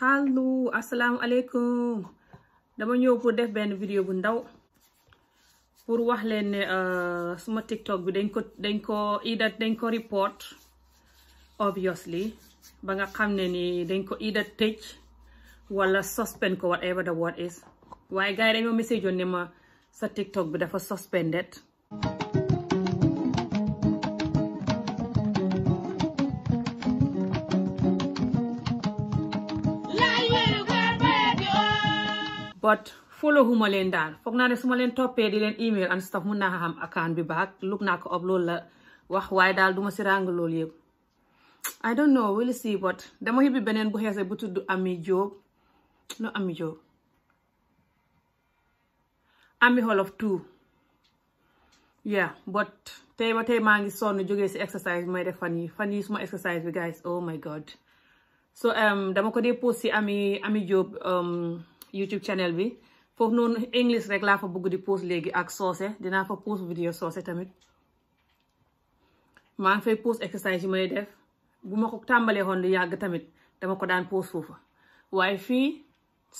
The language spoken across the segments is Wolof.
allo asalaamualeykum dama ñëw pour def benn vidéo bu ndaw pour wax leen ne euh, suma TikTok bi dañ ko dañ ko ida dañ ko report obviously ba nga xam ne ni dañ ko ida tëj wala suspend ko whatever the word is waaye gars yi dañoo message woon ma sa TikTok bi dafa suspended but follow leen daal foog naa su ma leen toppee di leen email naa xam account bi baak look naa la wax waaye daal duma si ràng loolu yëpp dama yibbi bu xeese bu tudd Ami Jobe no Ami Jobe Ami Wolof two yeah tey ba tey maa ngi sonn jógee si exercise bi may def fan yi fan yi suma exercise bi guys oh my god so um, dama ko dee post si Ami Ami YouTube channel bi foofu noonu english rek laa fa bëgg di post léegi ak soose dinaa fa post vidéo soose tamit maa ngi fay post exercice yi may def bu ma ko tàmbalee woon lu yàgg tamit dama ko daan post foofa waaye fii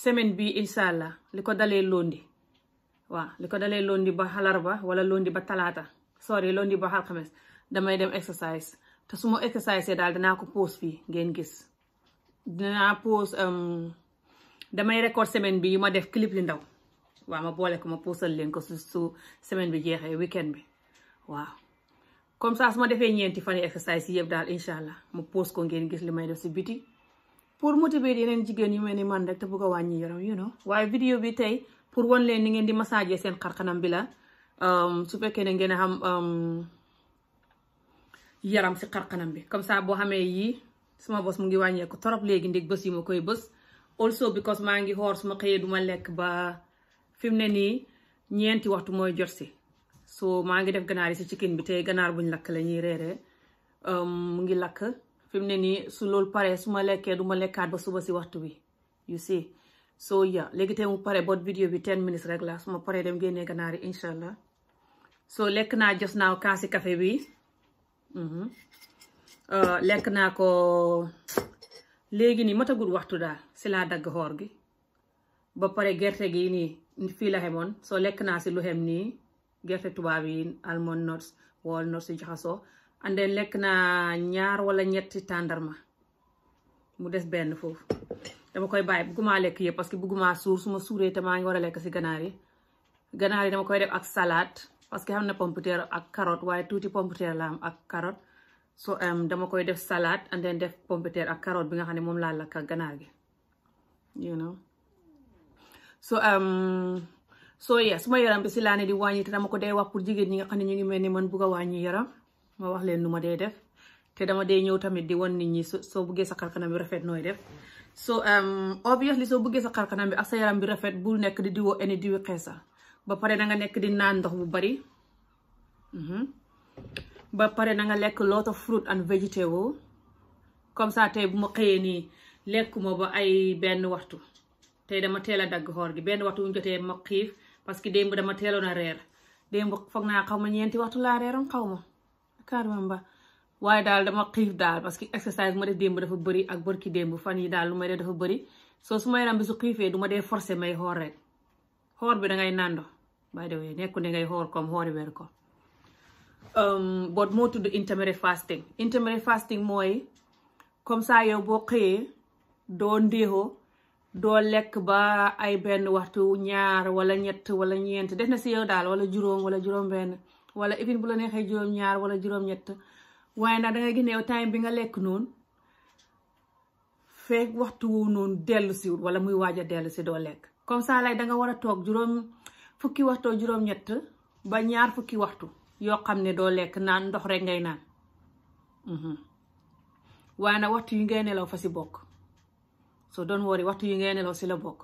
semaine bi incha allah li ko dalee lundi waaw li ko dalee lundi ba xalarba wala lundi ba talaata sorry lundi ba alxames damay dem exercice te su ma exercice daal dinaa ko post fii ngeen gis dinaa post. Um, damay record semaine bi yu ma def clip yu ndaw waaw ma boole ko ma puusal leen ko su su semaine bi jeexee weekend bi waaw comme ça su ma defee ñeenti fan exercice yi yëpp daal incha allah ma puus ko ngeen gis li may def si biti pour motiver yeneen jigéen yu mel ni man rek te bëgg wàññi yaram you know waaye vidéo bi tey pour wan leen ni ngeen di massager seen xarxanam bi la um, su fekkee ne ngeen a xam um, yaram si xarxanam bi comme saa boo xamee yii suma bos mu ngi wàññeeku trop léegi ndig bës yi ma koy bés also because maa ngi xoor suma ma xëyee duma lekk ba fi mu ne nii ñeenti waxtu mooy jot si so maa ngi def ganaar yi si chicken bi te ganaar buñ lakk la ñuy reeree um, mu ngi lakk fi mu ne nii su loolu pare su ma lekkee duma lekkaat ba suba si waxtu bi you see so ya léegi tey mu pare boot vidéo bi ten minutes rek la su paree dem génnee ganaar yi incha allah so lekk naa jos naaw kaasi café bi mm-hmm. uh, lekk naa ko léegi nii matagul waxtu daal si laa dagg xoor gi ba pare gerte gi nii fii la xemoon soo lekk naa si lu xem nii gerte tubaab yi almond nuts walnuts si jaxasoo and then lekk naa ñaar wala ñetti tàndarma mu des benn foofu dama koy bàyyi bugguma lekk yëpp parce que bugguma suur su ma suuree te maa ngi war a lekk si ganaar yi ganaar yi dama koy def ak salade parce que xam na pomme de terre ak carotte waaye tuuti pomme de terre la ak carotte so um, dama koy def salade and then def pomme de terre bi nga xam ne moom laa lakk ak ganaar gi you know so um, so yes ma yaram bi si laa ne di wàññi te dama ko dee wax jigéen ñi nga xam ne ñu ngi mel ni man bugg a wàññi yaram ma wax leen nu ma dee def te dama dee ñëw tamit di wan nit ñi soo buggee sa xarkanam bi rafet nooy def so um, obviously soo buggee sa xarkanam bi ak yaram bi rafet bu nekk di diwoo eni diwi xeesa ba pare da nga nekk di naan ndox bu bari mm-hmm. ba pare na nga lekk lot of fruit and vegetable comme ça tey bu mu xëyee nii lekkuma ba ay benn waxtu tey dama teel a dagg xoor gi benn waxtu bu ñu jotee ma xiif parce que démb dama teeloon a reer démb foog naa xaw ma ñeenti waxtu laa reeroon xaw ma carrément ba waaye daal dama xiif daal parce que exercice ma def démb dafa bëri ak bërki dem démb fan yi daal lu may def dafa bëri soo su ma yaram bi su xiifee du ma dee forcé may xoor rek xoor bi da ngay nando by the way nekku ne ngay xoor comme xoori weer ko Um, boot moo tudd intermittent fasting intermittent fasting mooy comme ça yow boo xëyee doo ndéexoo doo lekk ba ay benn waxtu ñaar wala ñett wala ñeent def na si yow daal wala juróom wala juróom-benn wala even bu la neexee juróom-ñaar wala juróom-ñett waaye nag da nga gis yow time bi nga lekk noonu feeg waxtu wu noonu dellu si wala muy waaj a dellu si doo lekk comme ça lay da nga war a toog juróom fukki waxtu juróom-ñett ba ñaar fukki waxtu. yoo xam ne doo lekk naan ndox rek ngay naan mhm. waaye nag waxtu yi ngay nelaw fa si bokk soo doon worry waxtu yi ngay nelaw si la bokk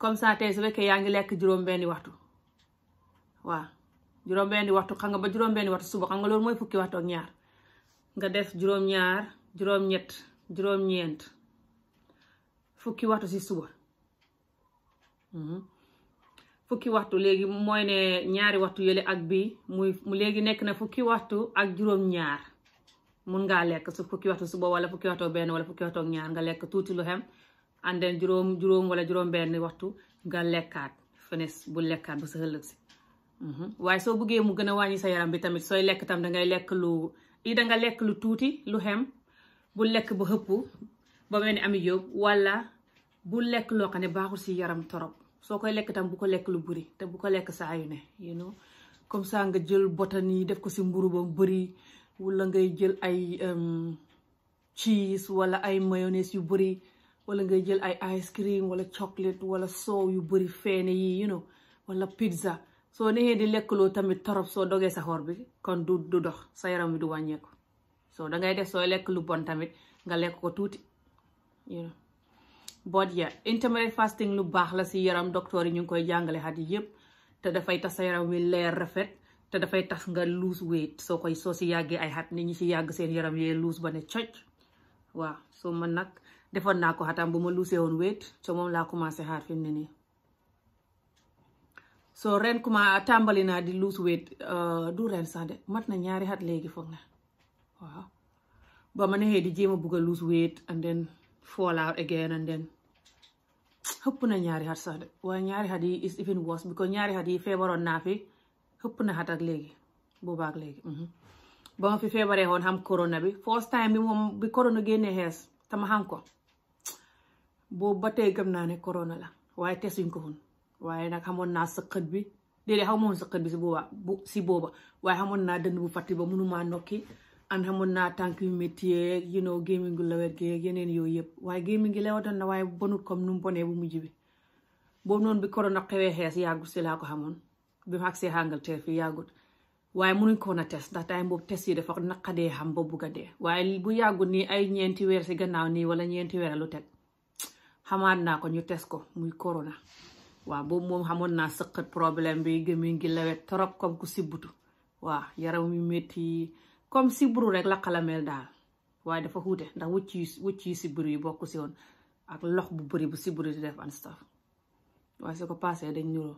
comme ça tey su fekkee yaa ngi lekk juróom-benni waxtu waaw juróom-benni waxtu xam nga ba juróom-benni waxtu suba xam nga loolu mooy fukki waxtu ak ñaar nga def juróom-ñaar juróom-ñett juróom-ñeent fukki waxtu si suba. Mhm. fukki waxtu léegi mooy ne ñaari waxtu yële ak bii mu léegi nekk na fukki waxtu ak juróom-ñaar mun ngaa lekk su fukki waxtu suba wala fukki waxtu benn wala fukki waxtu nga lekk tuuti lu xem juróom juróom wala waxtu nga lekkaat fenes bu lekkaat bu sa si mhm. waaye soo bëggee mu gën a wàññi sa yaram bi tamit sooy lekk tam dangay lekk lu i danga lekk lu tuuti lu xem bu lekk ba xëpp ba mel ni ami yóbbu bu lekk loo xam ne baaxul si yaram torop soo koy lekk tam bu ko lekk lu bëri te bu ko lekk saa yu ne you comme ça nga jël botan botani def ko si mburu ba bëri wala ngay jël ay um, cheese wala ay mayonnaise yu bëri wala ngay jël ay ice cream wala chocolate wala soow yu bëri feene yi you know wala pizza soo nekkee di lekkloo tamit torop soo dogee saxoor bi kon du du dox sa yaram wi du wàññeeku soo dangay def soo lekk lu bon tamit nga lekk ko tuuti but yeah intermittent fasting lu baax la si yaram docteur yi ñu ngi koy jàngale xat yi yëpp te dafay tax sa wi leer rafet te dafay tax nga lose weight soo koy soo si yàggee ay xat nit ñi si yàgg seen yaram yee lose ba ne coj waa soo ma nag defoon naa ko xatam bu ma luusee woon weight soo moom laa commencé xaar fi mu ne nii soo ren kuma tàmbali naa di lose weight euh, du ren sax de mat na ñaari xat léegi foog na waaw ba ma nexee di jéem a bugg a lose a and then fall out again xëpp na ñaari xat sax de waaye ñaari xat yi is even worse because ñaari xat yi feebaroon naa fi xëpp na xat ak léegi boobaak léegi mhm. ba ma fi feebaree woon xam corona bi first time bi moom bi corona génne xees tama xam ko boobu ba tey gëm naa ne corona la waaye tesuñ ko woon waaye nag xamoon naa sëqët bi déedéet xamoon sëqët bi si booba si booba waaye xamoon naa dënd bu fàtti ba mënumaa nokki am xamoon naa tànk yu métti yeeg you know gémmiñ gu lawet gi yeeg yeneen yooyu yëpp waaye gémmiñ gi lewatoon na waaye bonut comme nu bonee bu mujj bi boobu noonu bi corona xewee xees yàggut si laa ko xamoon bi ma agsee Angleterre fi yàggut waaye mënuñ ko woon a test ndax time boobu test yi dafa naqadee xam ba bugg a dee waaye bu yàggut nii ay ñeenti weer si gannaaw nii wala ñeenti weer lu teg xamaat naa ko ñu test ko muy corona waaw boobu moom xamoon naa sëqat problème bi gémmiñ gi lawet trop comme ku sibbutu waaw yaram yu métti comme sibru rek la xalamel daal waaye dafa xuute ndax wëcc yu wëcc yu sibru yi bokk si woon ak lox bu bëri bu sibru di def an staf waaye su ko paasee dañ ñuroo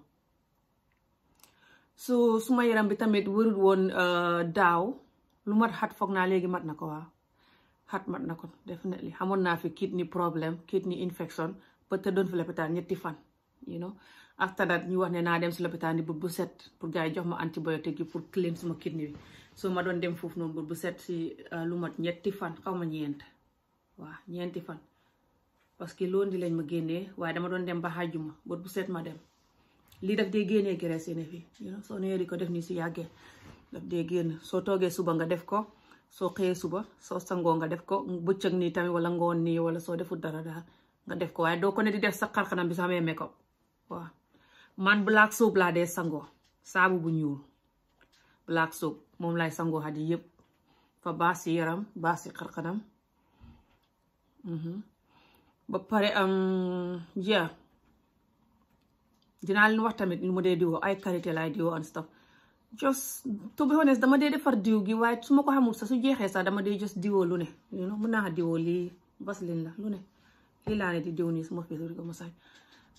su suma yaram bi tamit wërul woon euh, daaw lu mat xat foog naa léegi mat na ko waaw xat mat na ko definitely xamoon naa fi kiit ni problème ni infection ba te doon fi lopitaan ñetti fan you ak tandat ñu wax ne naa dem si lopitaan bi bu set pour gars yi jox ma antibiotique gi pour clean suma kidney bi so ma doon dem foofu noonu bu set si euh, lu mat ñetti fan xaw ma ñeent waaw ñeenti fan parce que loolu di lañ ma génnee waaye dama doon dem ba xàjjuma bët bu set ma dem lii daf dee génnee graisse yi ne fii soo neeri ko def nii si yàggee daf génn soo toogee suba nga def ko soo xëyee suba soo sangoo nga def ko bëccëg nii tamit wala ngoon nii wala soo defut dara daal nga def ko waaye doo ko ne di def sa xar-xanam bi sa amee make up man black soap laa dee sangoo saabu bu ñuul black soap moom laay sangoo xadi yëpp fa baax si yaram baax si xarxanam mhm. ba pare am yeah dinaa leen wax tamit lu ma dee diwoo ay karité laay diwoo and stuff just to be dama dee defar diw gi waaye su ma ko xamul sax su jeexee sax dama dee just diwoo lu ne you know mën naa diwoo lii bas vaseline la lu ne lii laa ne di diw nii suma fees rek ma sañ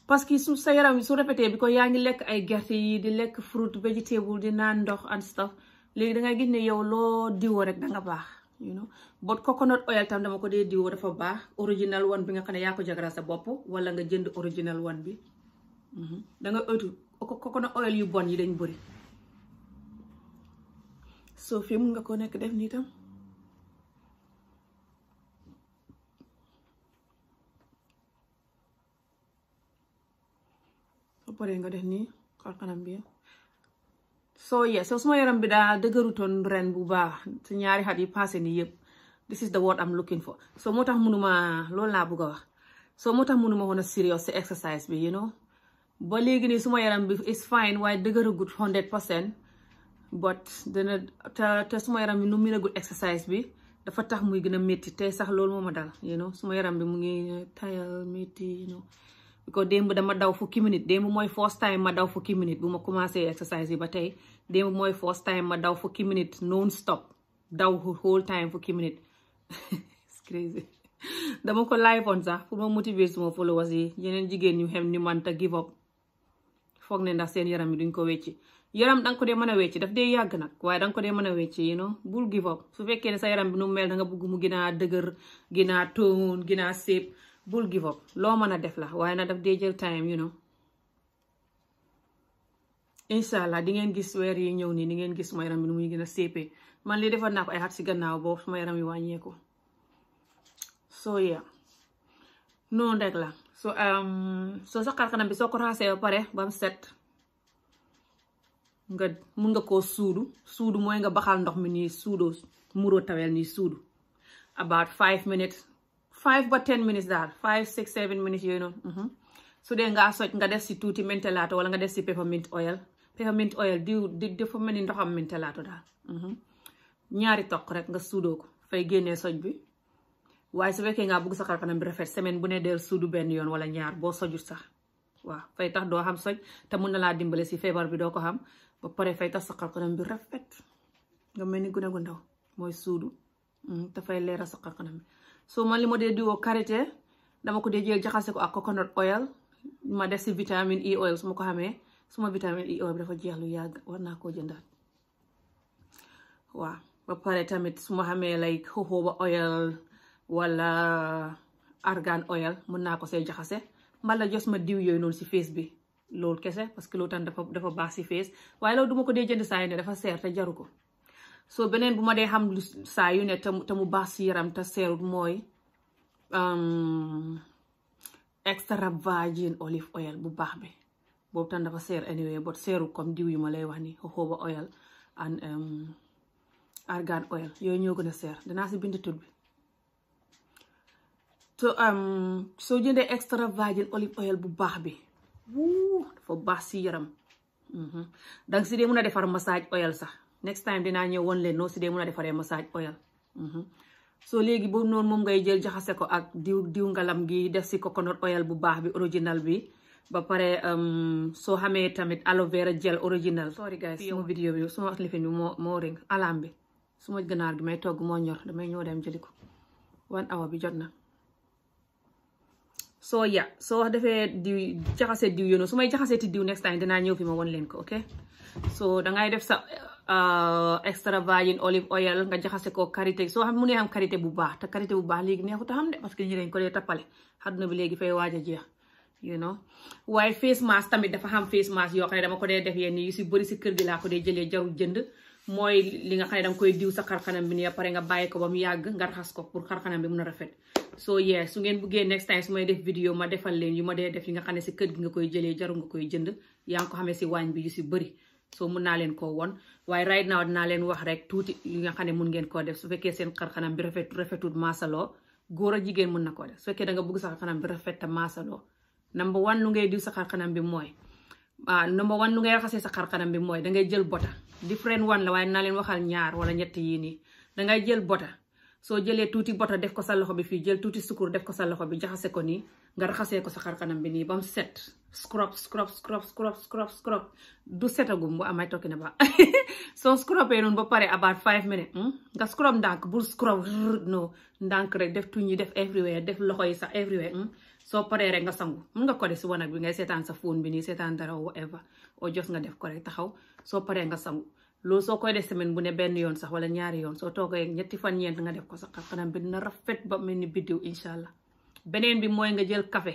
parce que su sa yaram su répété bi ko yaa ngi lekk ay gerte yi di lekk fruit vegetable di naan ndox and stuff léegi da gis ne yow loo diwoo rek da baax you know but coconut oil tam dama ko dee diwoo dafa baax original one bi nga xam ne yaa ko jagaral sa bopp wala nga jënd original one bi mm-hmm. da nga ëttu coconut oil yu bon yi dañ bëri so fii mun nga ko nekk def nii tam paree nga def nii xar kanam bi so yes so suma yaram bi daa dëgërutoon ren bu baax si ñaari xat yi passé nii yëpp this is the word I'm looking for so moo tax munuma loolu laa bëgg a wax so moo tax munuma woon a serious si exercise bi you know ba léegi nii suma yaram bi is fine waaye dëgëragut hundred percent but dana suma yaram bi nu mu mënagul exercise bi dafa tax muy gën a métti tey sax loolu moo ma dal you know suma yaram bi mu ngi eh, tayal métti ko démb dama daw fukki minute démb mooy first time ma daw fukki minute bu ma commencé exercise yi ba tey démb mooy first time ma daw fukki minute non stop daw whole time fukki minute it's crazy dama ko live on sax pour ma motiver suma followers yi yeneen jigéen ñu xem ni man ta give up foog ne ndax seen yaram mi duñ ko wecci yaram dan ko dee mën a wecci daf dee yàgg nag waaye danga ko dee mën a wecci you know bul give up su fekkee ne sa yaram bi nu mel da nga mu gën a dëgër gën a tóon bul give loo mën a def la waaye na daf dee jël time you know incha allah di ngeen gis weer yi ñëw nii di ngeen gis suma yaram bi nu muy gën a seepee man li defoon naa ko ay xat si gannaaw boobu yi wàññeeku soo yee la so um, sa xar bi soo ko raxasee ba pare ba set nga mun nga koo suudu suudu mooy nga baxal ndox mi nii suudoo muroo tawel nii suudu about five minutes five ba ten minutes daal five six seven minutes yooyu noonu mhm. su dee ngaa soj nga def si tuuti mentelato wala nga def si peppermint oil peppermint oil diw di dafa mel ni ndoxam mentelato daal mhm. ñaari toq rek nga suudoo ko fay génnee soj bi waaye su fekkee ngaa bëgg sa xar kanam bi rafet semaine bu ne deel suudu benn yoon wala ñaar boo sojut sax waaw fay tax doo xam soj te mun na laa dimbale si feebar bi doo ko xam ba pare fay sa xar kanam bi rafet nga mel ni gune gu ndaw mooy suudu dafay mhm, leeral sa xar kanam bi so ma li ma dee diwoo karité dama ko dee jël jaxase ko ak coconut oil ma def si vitamine E oil su ma ko xamee suma vitamine E oil bi dafa jeex lu yàgg war naa koo jëndaat waaw ba pare tamit su ma xamee like jojoba oil wala argan oil mën naa ko see jaxase mbala jos ma diw yooyu noonu si face bi loolu kese parce que loolu tam dafa dafa baax si face waaye loolu duma ko dee jënd saa ne dafa seer te jaru ko so beneen bu ma dee xam lu saa yu ne te mu baax si yaram te mooy um, extra virgin olive oil bu baax bi boobu tam dafa seer anyway but seeru comme diw yu ma lay wax ni jojoba oil and um, argan oil yooyu ñoo gën a seer danaa si bind tur bi so um, soo jëndee extra olive oil bu baax bi wuu dafa baax si yaram mm-hmm. danga si dee mën a defar massage oil sax next time dinaa ñëw woon leen noo si dee mën a defaree massage oil mhm. so léegi boobu noonu moom ngay jël jaxase ko ak diw diw ngalam gi def si coconut oil bu baax bi original bi ba pare um, soo xamee tamit aloe vera gel original. sorry guys suma vidéo bi suma lifin bi moo moo ring alam bi su ma ganaar gi may togg moo ñor damay ñëw dem jëli ko one hour bi jot na. soo ya soo defee diw jaxase diw yoonu su may jaxasee ti diw next time dinaa ñëw fi ma won leen ko ok so dangay def sa uh, extra virgin olive oil nga jaxase ko karité soo xam mu ne am karité bu baax te karité bu baax léegi neexut a xam de parce que ñi dañ ko dee tappale àdduna bi léegi fay a jeex you know waaye face mask tamit dafa xam face mask yoo xam ne dama ko dee def yenn yi si bëri si kër gi laa ko dee jëlee jarul jënd mooy li nga xam ne danga koy diw sa xarxanam bi nii pare nga bàyyi ko ba mu yàgg nga raxas ko pour xarxanam bi rafet soo yee su ngeen buggee next time su may def ma defal leen yu ma dee def yi nga ne si kër gi nga koy jëlee jaru koy jënd yaa ngi ko xamee si waañ bi si bëri soo mun naa leen koo won waaye right now dinaa leen wax rek tuuti yi nga xam ne mun ngeen koo def su fekkee seen xarxanam bi rafet rafetul maasaloo góor a jigéen mun na koo def su fekkee da nga bugg sa xarxanam bi rafet te maasaloo number one lu ngay diw sa bi mooy ah, number one lu ngay raxasee sa xarxanam bi mooy dangay jël bota different one la waaye naa leen waxal ñaar wala ñetti yii nii dangay jël bota soo jëlee tuuti bota def ko sa loxo bi fii jël tuuti sukur def ko sa loxo bi jaxase ko nii nga raxasee ko sa xar kanam bi nii ba mu set scrub scrub scrub scrub scrub du setagum bu amay tokki na ba soo scrubee noonu ba pare about five minutes hmm? nga scrub ndànk bul scrub no ndànk rek def tuñ yi def everywhere def loxo yi sax everywhere hmm? soo paree rek nga sangu mun nga ko def si bi ngay seetaan sa phone bi nii seetaan dara whatever oo jos nga def ko rek taxaw soo paree nga sangu loolu soo koy def semaine bu ne benn yoon sax wala ñaari yoon soo toogee ñetti fa ñeent nga def ko sax xanaa bi dina rafet ba mel ni biddiw incha allah beneen bi mooy nga jël kafe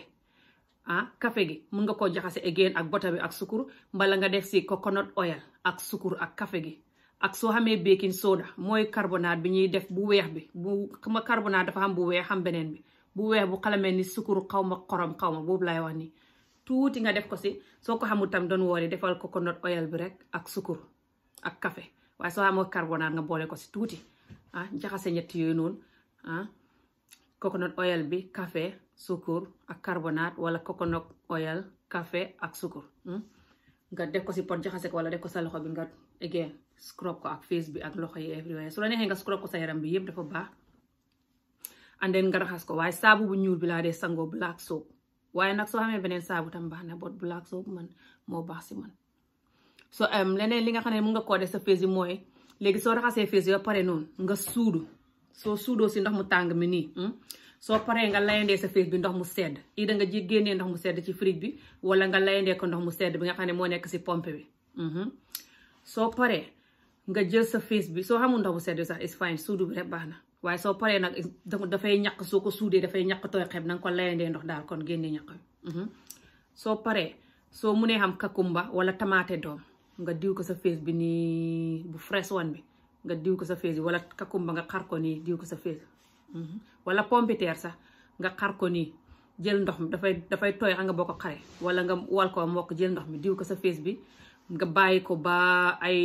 ah café gi mun nga koo jaxase again ak bota bi ak sukur mbala nga def si coconut oil ak sukur ak café gi ak soo xamee bikin soda mooy carbonate bi ñuy def bu weex bi bu xam nga carbonate dafa am bu weex xam beneen bi bu weex bu xalamee ni sukkur xaw ma xorom xaw ma boobu laay wax ni tuuti nga def ko si soo ko xamul tam doon woori defal ko coconut oil bi rek ak sukkur ak café waaye soo amoo nga boole ko si tuuti ah jaxase ñett yooyu noonu ah coconut oil bi café sukkur ak carbonate wala coconut oil café ak sukkur hmm? nga def ko si pot jaxase ko wala def ko sa loxo bi nga again scrub ko ak face bi ak loxo yi everywhere su la neexee nga scrub ko sa yaram bi yëpp dafa baax and nga raxas ko waaye saabu bu ñuul bi laa dee sangoo black soap waaye nag soo xamee beneen saabu tam baax na bu laak soap man moo baax si man so um, leneen li nga xam ne mun nga koo sa face mooy léegi soo raxasee face bi ba noonu nga suudu soo suudoo si ndox mu tàng mi nii hmm? soo paree nga layandee sa face bi ndox mu sedd ii da nga ji génnee ndox mu sedd ci fridge bi wala nga layandee ko ndox mu sedd bi nga xam ne moo nekk si pompe bi hmm? soo paree nga jël sa face bi soo xamul ndox mu sedd bi sax is suudu bi rek baax na waaye soo paree nag dafay ñaq soo ko suudee dafay ñaq tooy xeeb na nga ko layandee ndox daal kon génne ñaq mhm. soo paree soo munee xam kakumba wala tamaate doom nga diw ko sa face bi nii bu fresh one bi nga diw ko sa face bi wala kakumba nga xar nii diw ko sa face mhm. wala pompiteer sax nga xar ko jël ndox mi dafay dafay tooy xam nga boo ko wala nga wal ko mbokk jël ndox mi diw ko sa face bi nga bàyyi ko ba ay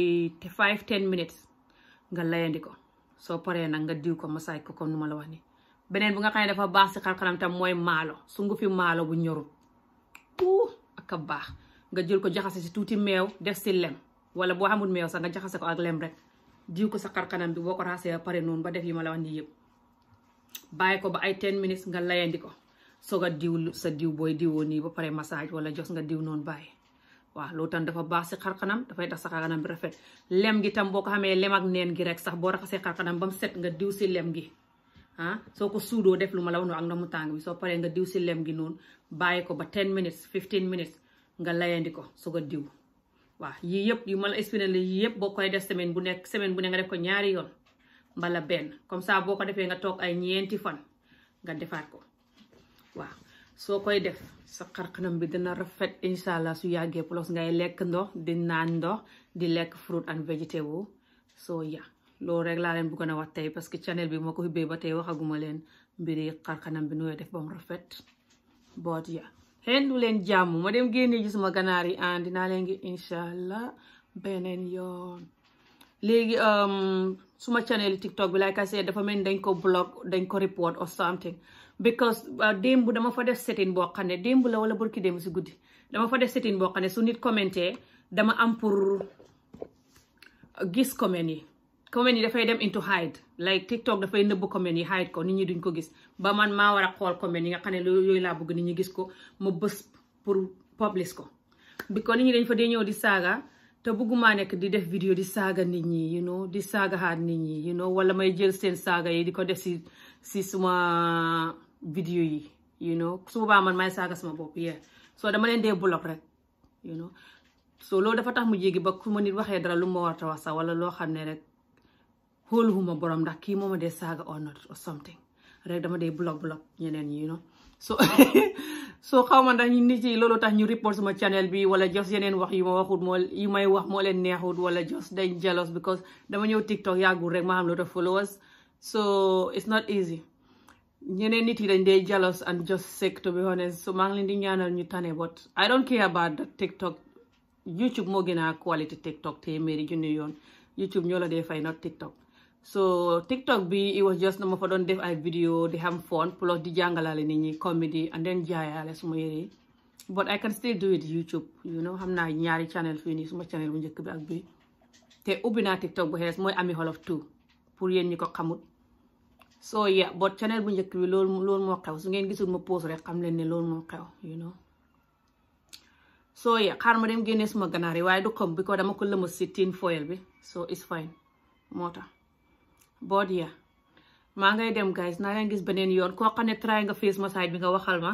five ten minutes nga layandi ko soo paree nag nga diw ko masaay ko comme nu ma la wax ni beneen bu nga xam ne dafa baax si xar tam mooy maalo sungu fi maalo bu ñorut uu ak baax nga jël ko jaxase si tuuti meew def si lem wala boo xamul meew sax nga jaxase ko ak lem rek diw ko sa xar-xaram bi boo ko raxasee ba pare noonu ba def yi ma la wax yëpp bàyyi ko ba ay ten minutes nga layandi ko soog a diw sa diw booy diwoo nii ba pare massage wala jos nga diw noonu bàyyi waaw loolu tam dafa baax si xarxanam dafay tax sa xarxanam bi rafet lem gi tam boo ko xamee lem ak neen gi rek sax boo raxasee xarxanam ba mu set nga diw si lem gi ah soo ko suudoo def lu ma la wax noonu ak na mu tàng bi soo paree nga diw si lem gi noonu bàyyi ko ba 10 minutes 15 minutes nga layandi ko soog a diw waaw yii yëpp yu ma la expliqué la yëpp boo koy def semaine bu nekk semaine bu ne nga def ko ñaari yoon mbala benn comme ça boo ko defee nga toog ay ñeenti fan nga defaat ko waaw soo koy def sa xarxanam bi dina rafet incha su yàggee plus ngay lekk ndox di naan ndox di lekk fruit and vegetable soo ya loolu rek laa leen bëggoon a wax tey parce que channel bi moo ko ubbee ba tey waxaguma leen mbiri xarxanam bi nooy def ba rafet boot ya xendu leen jàmm ma dem génnee gis ma ganaar yi an dinaa leen ngi incha allah beneen yoon léegi um, suma channel tiktok bi like I said dafa mel ni dañ ko block dañ ko report or something because uh, démb dama fa def setting boo xam ne démb la wala burki démb si guddi dama fa def setting boo xam ne su nit commenté dama am pour gis comment yi comment yi dafay dem into hide like TikTok dafay nëbbu comment yi hide ko nit ñi dañ ko gis ba man ma war a xool comment yi nga xam ne yooyu laa bëgg nit ñi gis ko ma bës pour publish ko because nit ñi dañ fa dee ñëw di saaga te bëgguma nekk di def vidéo di saaga nit ñi you know di saagaxaat nit ñi you wala may jël seen saaga yi di ko def si si vidéo yi you know su man may saaga sama bopp yee soo dama leen dee block rek you know so loolu dafa tax mu jéegi ba ku ma nit waxee dara lu ma war a wax sax wala loo xam ne rek xooluwuma borom ndax kii ma dee saaga or not or something rek dama dee block block ñeneen ñi you know so so xaw ma ndax nit yi loolu tax ñu report sama channel bi wala jos yeneen wax yi ma waxut moo yu may wax moo leen neexut wala jos dañ jealous because dama ñëw TikTok yàggul rek ma am lot of followers so it's not ñeneen nit yi dañ dee jealous and just sick to be honest so maa leen di ñaanal ñu tane but I don't care about that TikTok YouTube moo gën a quality TikTok téeméeri junni yoon YouTube ñoo la dee fay not TikTok so TikTok bi it was just dama fa doon def ay vidéo di am foon plus di jàngalaale nit ñi comedy and then jaayaale suma yére but I can still do it YouTube you know xam naa ñaari channel fii nii suma channel bu njëkk bi ak bi te ubbi naa TikTok mooy Amie Olof 2 pour so yeah but channel bu njëkk bi loolu loolu moo xew su ngeen gisul ma pause rek xam leen ne loolu moo xew you know so yeah xaar ma dem génne suma ganaar yi waaye du comme bi ko dama ko lëmas si tin foil bi so it's moo tax but yeah maa ngay dem guys naa leen gis beneen yoon koo xam nga face massage bi nga waxal ma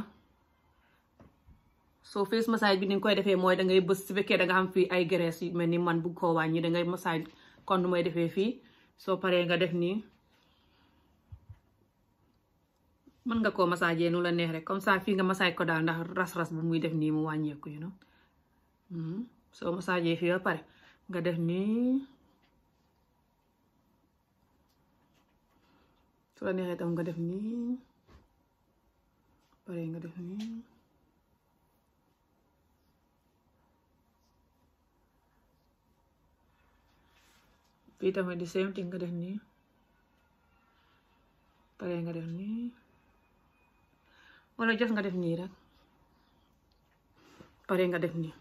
so face massage bi ni koy defee mooy da ngay bës si fekkee danga xam fii ay graisse yu mel ni man bu koo wàññi da ngay massage kon nu may defee fii soo paree nga def nii mën nga koo massagé nu la neex rek comme ça fii nga massage ko daal ndax ras-ras bu muy def nii mu wàññeeku you know mm-hmm. soo massagé fii ba pare nga def nii su neexee tam nga def nii pare nga def nii fii tamit di same thing nga def nii pare nga def nii wala jos nga def nii rek pare nga def nii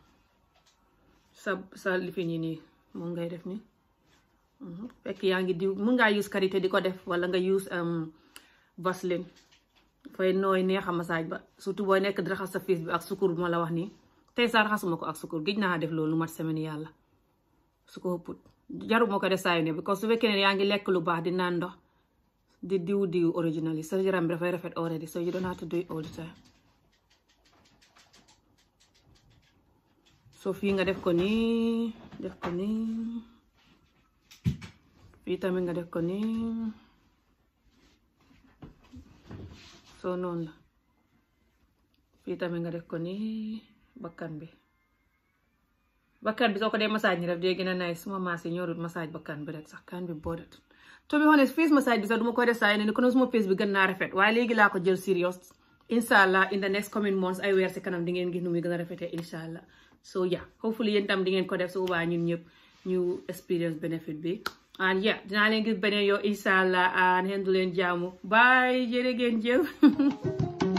sa sa lifi nii moom ngay def nii mhm. fekk yaa ngi diw mun ngaa use karité di ko def wala nga use um, vaseline fay nooy neex a massage ba surtout boo nekk di raxas sa fiis bi ak sukkur bu la wax nii tey saa raxasuma ko ak sukkur gis naa def loolu lu mat semaine yàlla su ko ëpput jarul moo ko def saa yu ne su fekkee ne yaa ngi lekk lu baax di naan ndox di diw diw originally sa yaram bi dafay rafet already so you don't have to do it all fii nga def ko nii def ko nii fii tamit nga def ko nii so noonu la fii tamit nga def ko nii bakkan bi bakkan bi soo ko dee massage ñi def dee gën a nice suma maas yi ñorut massage bakkan bi rek sax kan bi boodat to be honest face massage bi sax du ma koy def saa yu ne kon suma waaye léegi laa ko jël serious incha in the next coming months ay weer si kanam di ngeen gis nu muy gën a rafetee incha so yeah hopefully yéen tam di ngeen ko def su boobaa ñun ñëpp ñu experience benefit bi and yeah dinaa leen gis beneen yow incha allah and leen jaamu bye jërë ngeen jëf